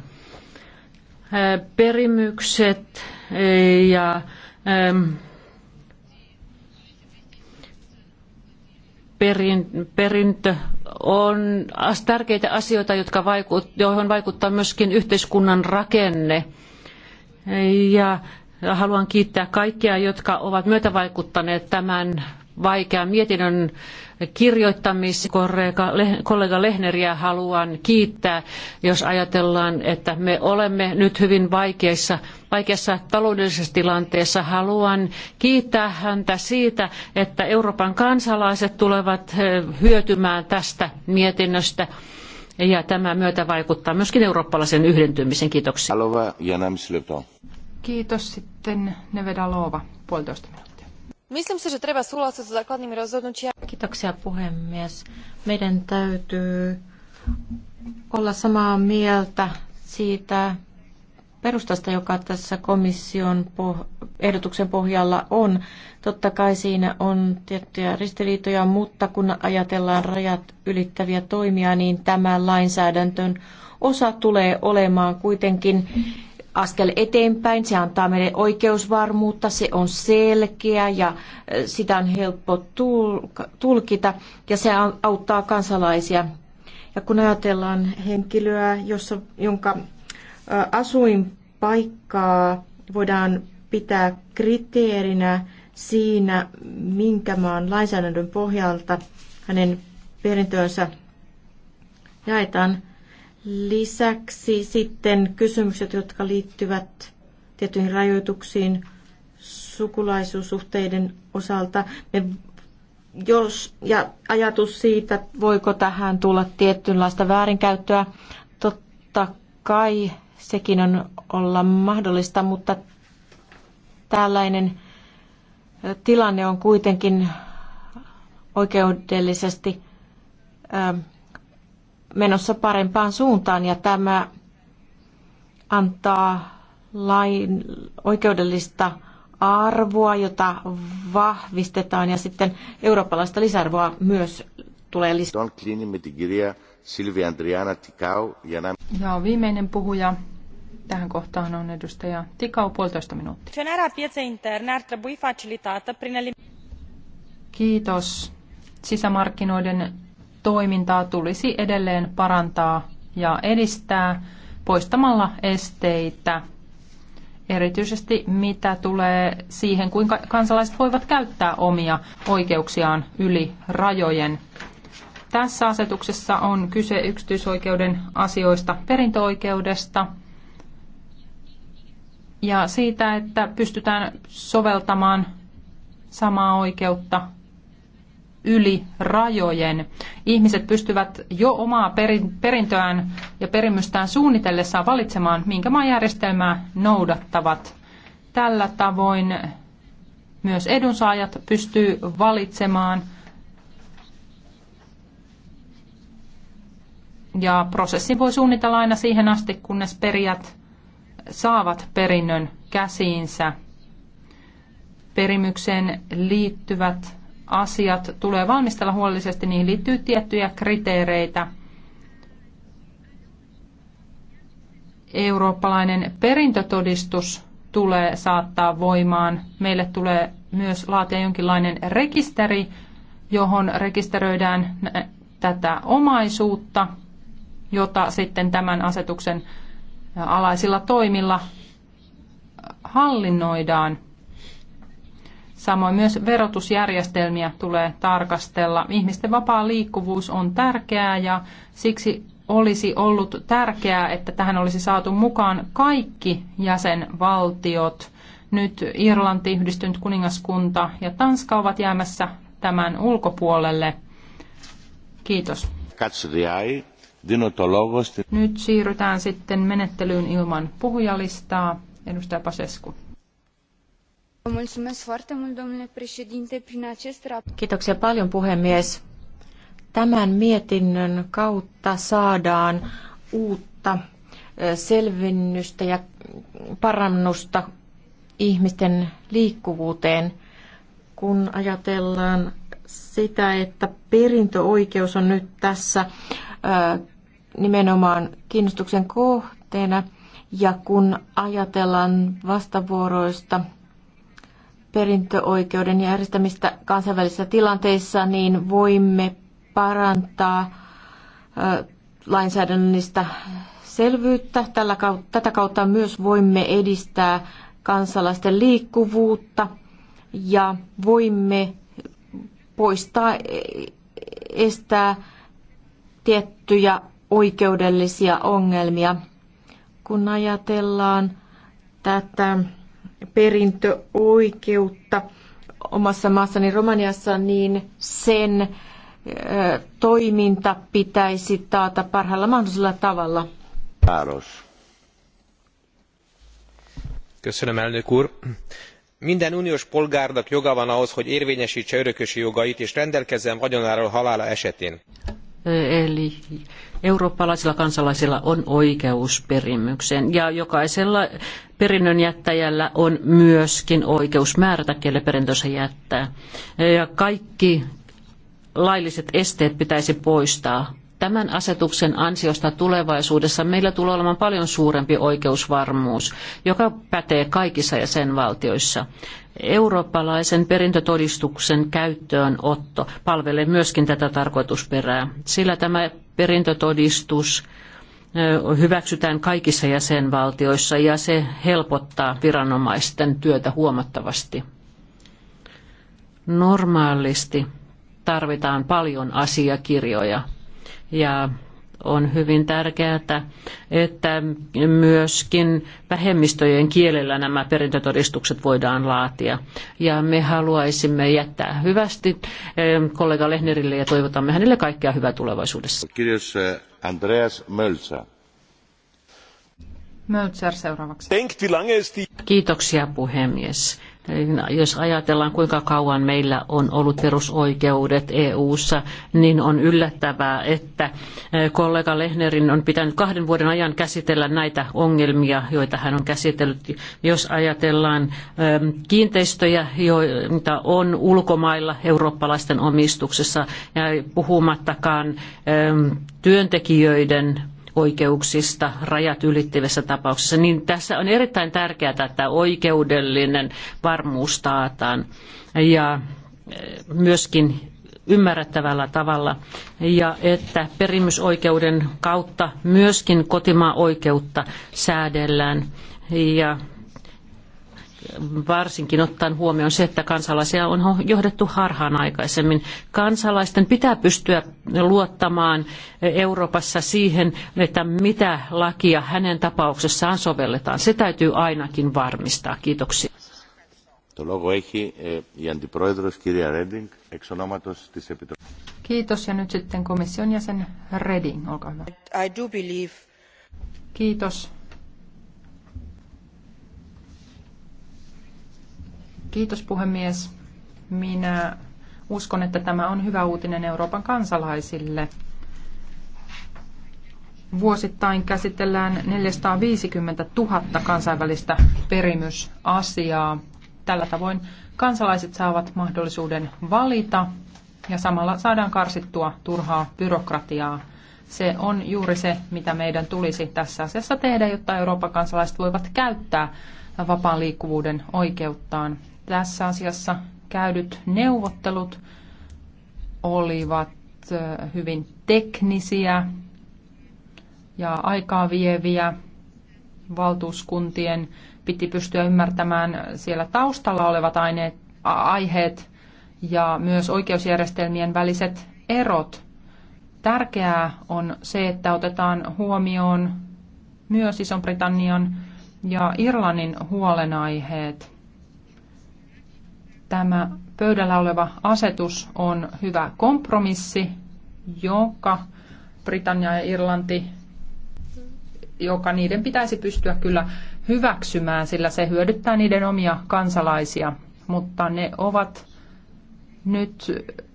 Perimykset ja perintö on tärkeitä asioita, jotka vaikut, joihin vaikuttaa myöskin yhteiskunnan rakenne. Ja haluan kiittää kaikkia, jotka ovat myötävaikuttaneet tämän vaikean mietinnön kirjoittamis. Kollega Lehneriä haluan kiittää, jos ajatellaan, että me olemme nyt hyvin vaikeissa, vaikeassa taloudellisessa tilanteessa. Haluan kiittää häntä siitä, että Euroopan kansalaiset tulevat eh, hyötymään tästä mietinnöstä. Ja tämä myötä vaikuttaa myöskin eurooppalaisen yhdentymisen. Kiitoksia. Kiitos sitten Nevedalova, puolitoista minuuttia. Myslím se, že treba súhlasiť s základnými rozhodnutiami. Kiitoksia puhemies. Meidän täytyy olla samaa mieltä siitä perustasta, joka tässä komission poh- ehdotuksen pohjalla on. Totta kai siinä on tiettyjä ristiriitoja, mutta kun ajatellaan rajat ylittäviä toimia, niin tämä lainsäädäntön osa tulee olemaan kuitenkin askel eteenpäin. Se antaa meille oikeusvarmuutta, se on selkeä ja sitä on helppo tulkita ja se auttaa kansalaisia. Ja kun ajatellaan henkilöä, jossa, jonka asuinpaikkaa voidaan pitää kriteerinä siinä, minkä maan lainsäädännön pohjalta hänen perintöönsä jaetaan, Lisäksi sitten kysymykset, jotka liittyvät tiettyihin rajoituksiin sukulaisuussuhteiden osalta. Me jos, ja ajatus siitä, voiko tähän tulla tietynlaista väärinkäyttöä, totta kai sekin on olla mahdollista, mutta tällainen tilanne on kuitenkin oikeudellisesti menossa parempaan suuntaan ja tämä antaa lain oikeudellista arvoa, jota vahvistetaan ja sitten eurooppalaista lisäarvoa myös tulee lisää. Ja viimeinen puhuja tähän kohtaan on edustaja Tikau, puolitoista minuuttia. Kiitos. Sisämarkkinoiden toimintaa tulisi edelleen parantaa ja edistää poistamalla esteitä, erityisesti mitä tulee siihen, kuinka kansalaiset voivat käyttää omia oikeuksiaan yli rajojen. Tässä asetuksessa on kyse yksityisoikeuden asioista perintöoikeudesta ja siitä, että pystytään soveltamaan samaa oikeutta yli rajojen. Ihmiset pystyvät jo omaa perintöään ja perimystään suunnitellessaan valitsemaan, minkä maan järjestelmää noudattavat. Tällä tavoin myös edunsaajat pystyvät valitsemaan ja prosessi voi suunnitella aina siihen asti, kunnes perijät saavat perinnön käsiinsä. Perimykseen liittyvät asiat tulee valmistella huolellisesti, niihin liittyy tiettyjä kriteereitä. Eurooppalainen perintötodistus tulee saattaa voimaan. Meille tulee myös laatia jonkinlainen rekisteri, johon rekisteröidään tätä omaisuutta, jota sitten tämän asetuksen alaisilla toimilla hallinnoidaan – Samoin myös verotusjärjestelmiä tulee tarkastella. Ihmisten vapaa liikkuvuus on tärkeää ja siksi olisi ollut tärkeää, että tähän olisi saatu mukaan kaikki jäsenvaltiot. Nyt Irlanti, Yhdistynyt kuningaskunta ja Tanska ovat jäämässä tämän ulkopuolelle. Kiitos. Nyt siirrytään sitten menettelyyn ilman puhujalistaa. Edustaja Pasesku. Kiitoksia paljon puhemies. Tämän mietinnön kautta saadaan uutta selvennystä ja parannusta ihmisten liikkuvuuteen, kun ajatellaan sitä, että perintöoikeus on nyt tässä nimenomaan kiinnostuksen kohteena ja kun ajatellaan vastavuoroista perintöoikeuden järjestämistä kansainvälisissä tilanteissa, niin voimme parantaa lainsäädännöllistä selvyyttä. Tällä kautta, tätä kautta myös voimme edistää kansalaisten liikkuvuutta ja voimme poistaa, e, estää tiettyjä oikeudellisia ongelmia. Kun ajatellaan tätä perintöoikeutta omassa maassani Romaniassa, niin sen toiminta pitäisi taata parhaalla mahdollisella tavalla. Köszönöm, elnök úr! minden uniós polgárnak joga van ahhoz hogy érvényesítse örökösi jogait és rendelkezzen vagyonáról halála esetén. Eli eurooppalaisilla kansalaisilla on oikeus perimykseen ja jokaisella perinnön jättäjällä on myöskin oikeus määrätä, kelle perintönsä jättää. Ja kaikki lailliset esteet pitäisi poistaa Tämän asetuksen ansiosta tulevaisuudessa meillä tulee olemaan paljon suurempi oikeusvarmuus, joka pätee kaikissa jäsenvaltioissa. Eurooppalaisen perintötodistuksen käyttöönotto palvelee myöskin tätä tarkoitusperää, sillä tämä perintötodistus hyväksytään kaikissa jäsenvaltioissa ja se helpottaa viranomaisten työtä huomattavasti. Normaalisti tarvitaan paljon asiakirjoja ja on hyvin tärkeää, että myöskin vähemmistöjen kielellä nämä perintötodistukset voidaan laatia. Ja me haluaisimme jättää hyvästi eh, kollega Lehnerille ja toivotamme hänelle kaikkea hyvää tulevaisuudessa. Kirjus eh, Andreas Mölzer. Mölzer seuraavaksi. Kiitoksia puhemies jos ajatellaan, kuinka kauan meillä on ollut perusoikeudet EU:ssa, niin on yllättävää, että eh, kollega Lehnerin on pitänyt kahden vuoden ajan käsitellä näitä ongelmia, joita hän on käsitellyt. Jos ajatellaan eh, kiinteistöjä, joita on ulkomailla eurooppalaisten omistuksessa, ja puhumattakaan eh, työntekijöiden oikeuksista rajat ylittävissä tapauksissa, niin tässä on erittäin tärkeää, että oikeudellinen varmuus taataan ja eh, myöskin ymmärrettävällä tavalla ja että perimysoikeuden kautta myöskin kotimaan oikeutta säädellään ja varsinkin ottaen huomioon se, että kansalaisia on johdettu harhaan aikaisemmin. Kansalaisten pitää pystyä luottamaan Euroopassa siihen, että mitä lakia hänen tapauksessaan sovelletaan. Se täytyy ainakin varmistaa. Kiitoksia. Το λόγο έχει η Αντιπρόεδρος κυρία Ρέντινγκ, εξ ονόματος της Επιτροπής. Kiitos ja nyt sitten komission jäsen Reding, olkaa hyvä. I do believe... Kiitos Kiitos puhemies. Minä uskon, että tämä on hyvä uutinen Euroopan kansalaisille. Vuosittain käsitellään 450 000 kansainvälistä perimysasiaa. Tällä tavoin kansalaiset saavat mahdollisuuden valita ja samalla saadaan karsittua turhaa byrokratiaa. Se on juuri se, mitä meidän tulisi tässä asiassa tehdä, jotta Euroopan kansalaiset voivat käyttää vapaan liikkuvuuden oikeuttaan tässä asiassa käydyt neuvottelut olivat hyvin teknisiä ja aikaa vieviä. Valtuuskuntien piti pystyä ymmärtämään siellä taustalla olevat aineet, aiheet ja myös oikeusjärjestelmien väliset erot. Tärkeää on se, että otetaan huomioon myös Ison-Britannian ja Irlannin huolenaiheet. Tämä pöydällä oleva asetus on hyvä kompromissi, joka Britannia ja Irlanti, joka niiden pitäisi pystyä kyllä hyväksymään, sillä se hyödyttää niiden omia kansalaisia, mutta ne ovat nyt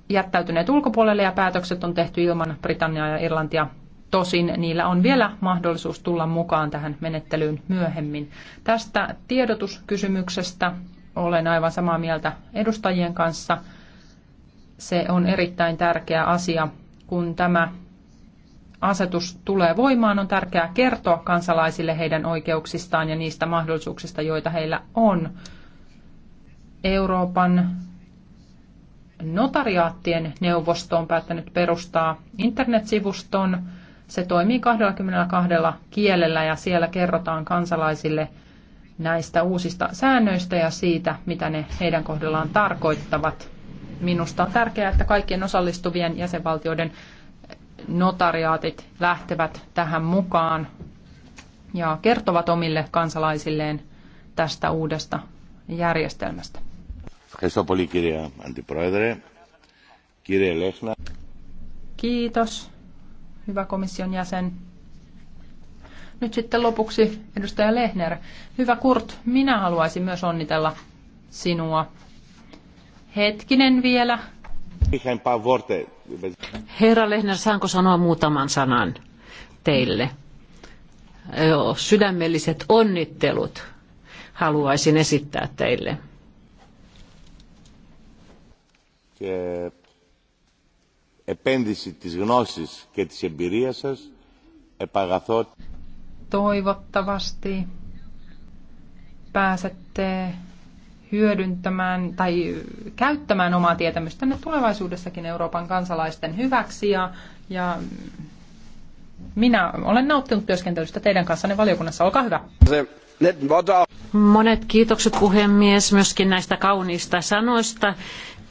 jättäytyneet ulkopuolelle ja päätökset on tehty ilman Britanniaa ja Irlantia. Tosin niillä on vielä mahdollisuus tulla mukaan tähän menettelyyn myöhemmin. Tästä tiedotuskysymyksestä olen aivan samaa mieltä edustajien kanssa. Se on erittäin tärkeä asia. Kun tämä asetus tulee voimaan, on tärkeää kertoa kansalaisille heidän oikeuksistaan ja niistä mahdollisuuksista, joita heillä on. Euroopan notariaattien neuvosto on päättänyt perustaa internetsivuston. Se toimii 22 kielellä ja siellä kerrotaan kansalaisille – näistä uusista säännöistä ja siitä, mitä ne heidän kohdallaan tarkoittavat. Minusta on tärkeää, että kaikkien osallistuvien jäsenvaltioiden notariaatit lähtevät tähän mukaan ja kertovat omille kansalaisilleen tästä uudesta järjestelmästä. Kiitos, hyvä komission jäsen. Nyt sitten lopuksi edustaja Lehner. Hyvä Kurt, minä haluaisin myös onnitella sinua. Hetkinen vielä. Herra Lehner, saanko sanoa muutaman sanan teille? Joo, sydämelliset onnittelut haluaisin esittää teille. Και επένδυση της γνώσης και της εμπειρίας σας επαγαθώ toivottavasti pääsette hyödyntämään tai käyttämään omaa tietämystänne tulevaisuudessakin Euroopan kansalaisten hyväksi. Ja, ja minä olen nauttinut työskentelystä teidän kanssanne valiokunnassa. Olkaa hyvä. Monet kiitokset puhemies myöskin näistä kauniista sanoista.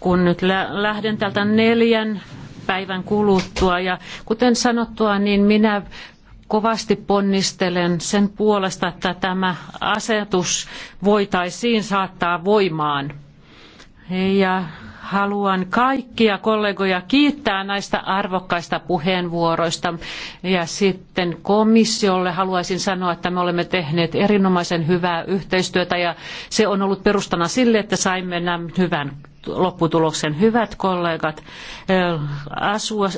Kun nyt lähden tältä neljän päivän kuluttua. Ja kuten sanottua, niin minä kovasti ponnistelen sen puolesta, että tämä asetus voitaisiin saattaa voimaan. Ja haluan kaikkia kollegoja kiittää näistä arvokkaista puheenvuoroista. Ja sitten komissiolle haluaisin sanoa, että me olemme tehneet erinomaisen hyvää yhteistyötä ja se on ollut perustana sille, että saimme nämä hyvän lopputuloksen. Hyvät kollegat, eh,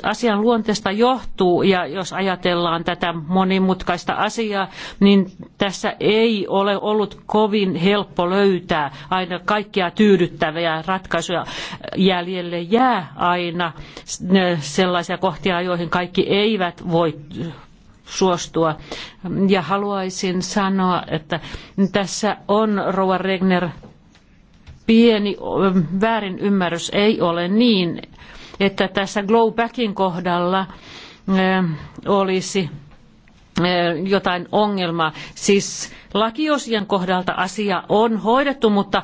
asian luonteesta johtuu, ja jos ajatellaan tätä monimutkaista asiaa, niin tässä ei ole ollut kovin helppo löytää aina kaikkia tyydyttäviä ratkaisuja. Jäljelle jää aina eh, sellaisia kohtia, joihin kaikki eivät voi suostua. Ja haluaisin sanoa, että tässä on Rova Regner pieni väärinymmärrys ei ole niin, että tässä Glowbackin kohdalla olisi jotain ongelmaa. Siis lakiosien kohdalta asia on hoidettu, mutta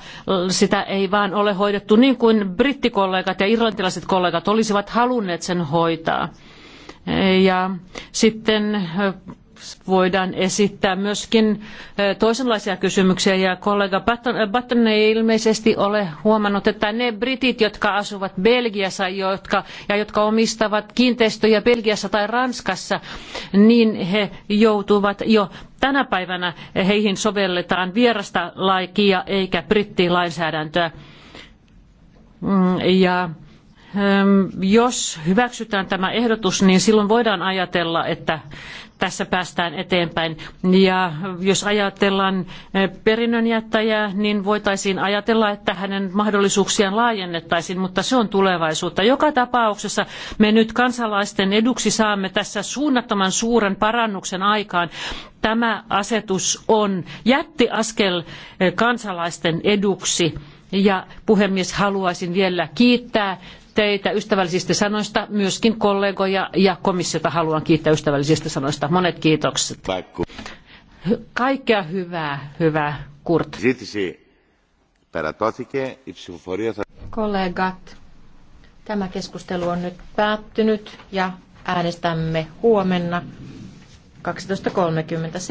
sitä ei vaan ole hoidettu niin kuin brittikollegat ja irlantilaiset kollegat olisivat halunneet sen hoitaa. Ja sitten voidaan esittää myöskin toisenlaisia kysymyksiä. Ja kollega Button, Button ei ilmeisesti ole huomannut, että ne britit, jotka asuvat Belgiassa jotka, ja jotka omistavat kiinteistöjä Belgiassa tai Ranskassa, niin he joutuvat jo tänä päivänä heihin sovelletaan vierasta laikia eikä brittilainsäädäntöä. Mm, ja jos hyväksytään tämä ehdotus, niin silloin voidaan ajatella, että tässä päästään eteenpäin. Ja jos ajatellaan eh, perinnönjättäjää, niin voitaisiin ajatella, että hänen mahdollisuuksiaan laajennettaisiin, mutta se on tulevaisuutta. Joka tapauksessa me nyt kansalaisten eduksi saamme tässä suunnattoman suuren parannuksen aikaan. Tämä asetus on jättiaskel eh, kansalaisten eduksi. Ja puhemies, haluaisin vielä kiittää teitä ystävällisistä sanoista, myöskin kollegoja ja komissiota haluan kiittää ystävällisistä sanoista. Monet kiitokset. Kaikkea hyvää, hyvää Kurt. Kollegat, tämä keskustelu on nyt päättynyt ja äänestämme huomenna 12.30.